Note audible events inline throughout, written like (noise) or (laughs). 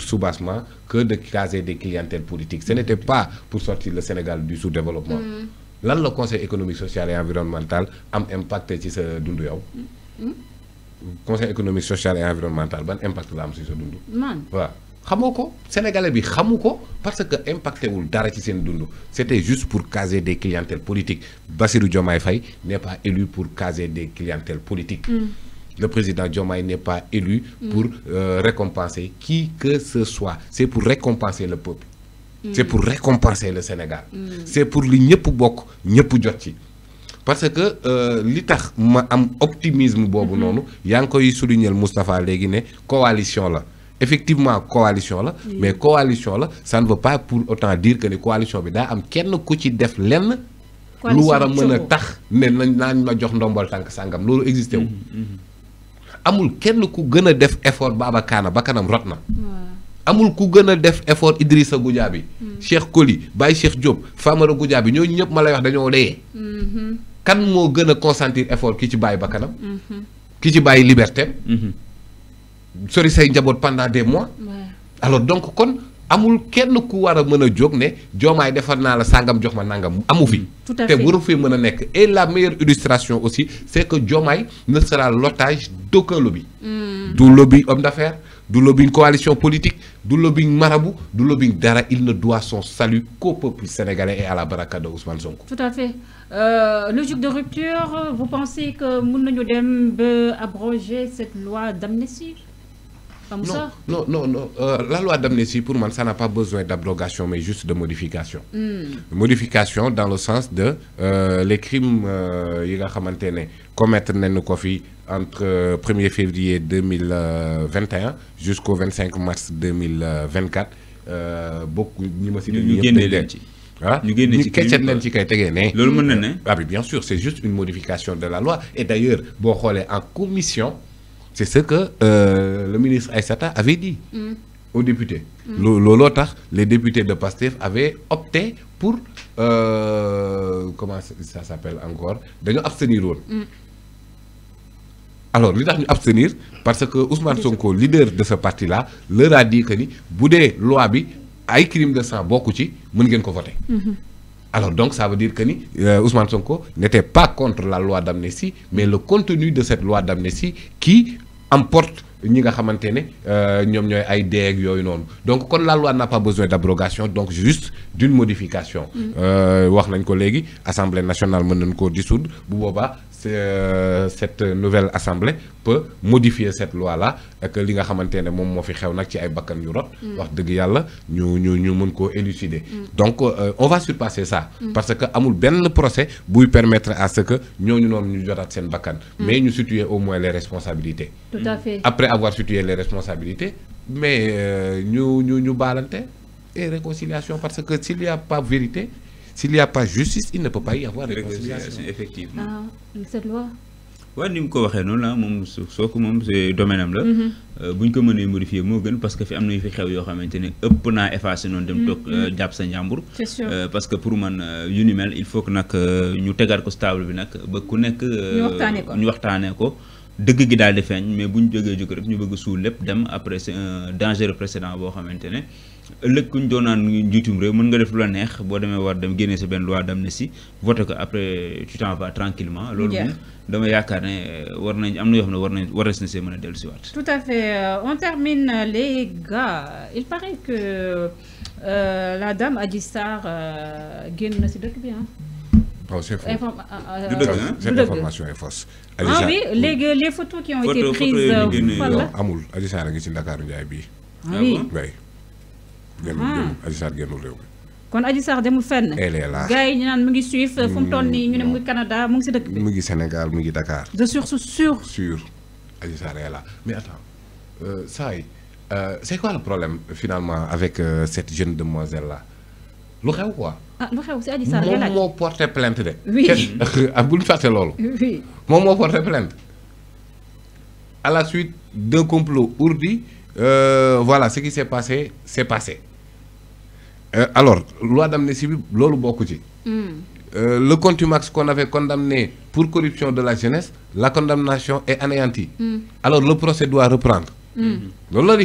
sous-bassement que de caser des clientèles politiques. Ce n'était pas pour sortir le Sénégal du sous-développement. Mm. Là le conseil économique social et environnemental un impact sur ce dundu mm. Mm. conseil économique social et environnemental ban impact là ci ce man sénégalais bi parce que impacté ou d'arrêter ci c'était juste pour caser des clientèles politiques Bassirou Diomaye Faye n'est pas élu pour caser des clientèles politiques le président Diomaye n'est pas élu pour euh, récompenser qui que ce soit. C'est pour récompenser le peuple. Mm. C'est pour récompenser le Sénégal. Mm. C'est pour li ñëpp bokk ñëpp jot ci. parce que euh, li tax ma am optimisme y a encore ngi koy souligner Moustapha léegi Leguine, coalition la effectivement coalition la mais coalition la ça ne veut pas pour autant dire que les coalition bi da am kenn ku ci def lenn lu wara mëna tax né nañ ma jox ndombal tank sangam lolu existé wu mm-hmm. Mm-hmm. amul kenn ku gën a def effort Baba Kaana ba kanam rot na. amul ku gën a def effort Idrissa Goudiaby. Hmm. Cheikh Coly Baye Cheikh Diop Famara Goudiaby ñooñu ñëpp ma lay wax dañoo dee. Mm-hmm. kan moo gën a consentir effort ki ci bàyyi ba kanam. Mm-hmm. ki ci bàyyi liberté mm-hmm. sori say njaboot pendant des mois. alors donc kon amul kenn ku war a mën a jóg ne joomaay defar naa la sàngam jox ma nàngam amu fi. et la meilleure illustration aussi c'est que Diomaye ne sera l'otage d'aucun lobby hmm. du lobby homme d'affaires du lobby coalition politique du lobby marabout du lobby dara il ne doit son salut qu'au peuple sénégalais et à la baraka de Ousmane tout à fait euh, logique de rupture vous pensez que Mounou abroger cette loi d'amnistie non, non, non. Euh, la loi d'amnésie, pour moi, ça n'a pas besoin d'abrogation, mais juste de modification. Hmm. Modification dans le sens de euh, les crimes euh, commettre entre 1er euh, février 2021 jusqu'au 25 mars 2024. beaucoup, bien sûr c'est juste une modification de la loi et d'ailleurs boo est en commission. C'est ce que euh, le ministre Aïssata avait dit mm. aux députés. Mm. les députés de PASTEF avaient opté pour, euh, comment ça s'appelle encore, de nous abstenir. Mm. Alors, nous ont abstenir parce que Ousmane Sonko, leader de ce parti-là, leur a dit que si la loi a un crime de sang, beaucoup de gens voter. Mm-hmm. Alors donc ça veut dire que euh, Ousmane Sonko n'était pas contre la loi d'Amnésie, mais le contenu de cette loi d'Amnésie qui emporte ñi nga donc la loi n'a pas besoin d'abrogation donc juste d'une modification mm. euh, wax ko assemblée nationale mën nañ euh, cette nouvelle assemblée peut modifier cette loi là que li nga xew ci ay bakkan yu rot wax donc on va surpasser ça mm. parce que amul benn procès buy permettre à ce que ñooñu ñu bakkan mm. mais nous situer au moins les responsabilités tout à fait après avoir situé les responsabilités mais nous, euh, nous, ñu et réconciliation parce que s'il n'y a pas vérité s'il n'y a pas justice il ne peut pas y avoir réconciliation effectivement ah, cette loi waaw nous mu ko waxee noonu la moom soo c'est domaine là. la. Mm-hmm. Euh, bu ñu ko mënee modifier parce que fi am na yu fi xew yoo xamante ne ëpp naa effacé noonu dem mm-hmm. euh, parce que pour man yu mel il faut que nous ñu tegaat ko stable bi nag ba ku nekk. ñu deug gi dal di feeñ mais bu ñu jógee rek ñu bëgg suul lepp dem après c'est un dangereux précédent bo xamantene ne ëllëg ku ñu doonaan njiitum réew mën nga def lu neex bo demee war dem génné sa ben loi d'amnistie voté ko après tu t'en vas tranquillement loolu moom dama yaakaar ne war nañ am na yoo xam ne war nañ war na see mën a dellu si waat tout à fait euh, on termine les gars il paraît que euh, la dame Adji Sarr euh, génn na si dëkk bi ah c'est faux. Euh, euh, hein? Cette information est fausse. Ah oui, les, les photos qui ont été prises. Euh, Amoul, Adji Sarr a ci Dakar Ndiaye bi ah, ah oui. Oui. Génnul, Adji ah. Sarr génnul kon Adji Sarr fenn. elle est là yi ñu naan mu ngi Suisse fu mu au ñu ne mu Canada mu ngi au dëkk bi. mu ngi Sénégal mu ngi Dakar. de sûr sûr. sûr Adji est là mais attends euh c'est quoi le problème finalement avec cette jeune demoiselle là lu ou quoi. ah lu porté plainte oui oui porte porté plainte. à la suite d'un complot ourdi voilà ce qui s'est passé c'est passé euh, alors loi d'amnistie Lolo loolu bokk euh, mm. le max qu'on avait condamné pour corruption de la jeunesse la condamnation est anéantie. Mm. alors le procès doit reprendre. Mm. loolu la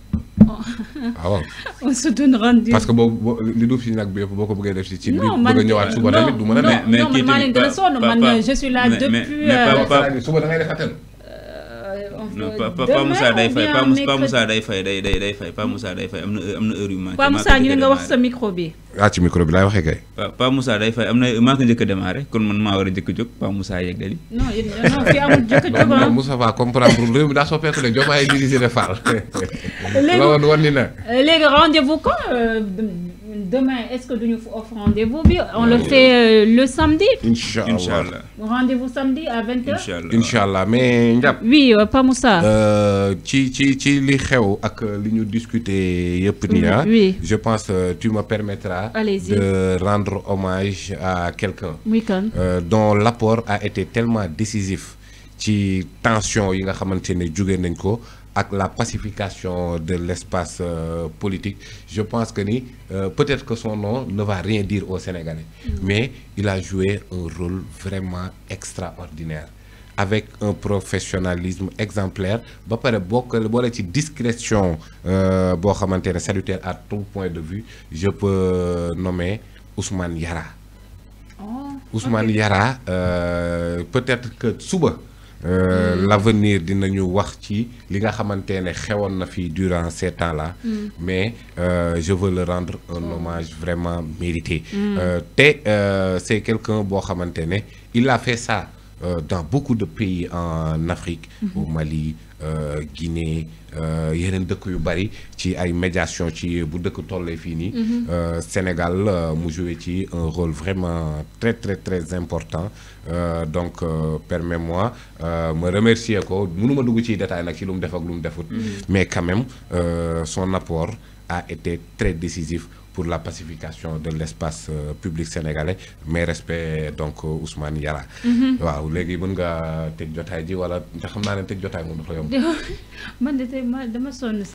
Ah (laughs) on se donne rendez-vous. parce que les li filles bi de vous def mais mais je suis là depuis. Euh, non Pa Pa Moussa day fay Pa Moussa day fay day day day fay Pa Moussa day fay am na am na heure yu manqué. Pa ñu ne nga wax sa micro bi. ah ci micro bi laay waxee kay. Pa Moussa day fay am na maa ko njëkk a kon man maa war a njëkk a jóg Pa Moussa yeeg dali. non non fii amul a jóg ah. non Moussa va comprendre réew mi daa soppeeku ne Diomaye dirigé le Fall. (laughs) léegi loolu woon ni na. léegi rendez-vous ko. demain, est-ce que nous offrons rendez-vous On le fait euh, le samedi Inch'Allah. rendez-vous samedi à 20h Inch'Allah. Mais, Oui, euh, pas Moussa. Euh, ci, discuter ah, oui. Je pense que euh, tu me permettras de rendre hommage à quelqu'un dont l'apport a été tellement décisif tension yi nga à la pacification de l'espace euh, politique je pense que ni euh, peut-être que son nom ne va rien dire aux Sénégalais mm. mais il a joué un rôle vraiment extraordinaire avec un professionnalisme exemplaire ba discrétion euh, bon salutaire à tout point de vue je peux nommer Ousmane Yara oh, Ousmane Yara peut-être que Souba. Euh, l'avenir dinañu wax ci li nga xamantene xewon na durant ces temps-là. Mm. mais euh, je veux le rendre un hommage vraiment mérité. Mm. Euh, c'est quelqu'un qui il a fait ça dans beaucoup de pays en Afrique. Mm-hmm. au Mali. Euh, Guinée euh, yeneen dëkk yu bari ci ay médiation ci bu dëkk tollee fii nii. Mhm. Euh, Sénégal mu joué ci un rôle vraiment très très très important donc permets-moi me remercier ko mënuma dugg ci détail nag ci lu mu def ak mhm. mais quand même son apport a été très décisif. pour la pacification de l'espace public sénégalais mais respect donc Ousmane Yara. Mhm. waaw léegi mën nga tëj jotaay ji wala nga xam naa ne tëj jotaay moom dafa yomb. (laughs) man de te ma dama sonn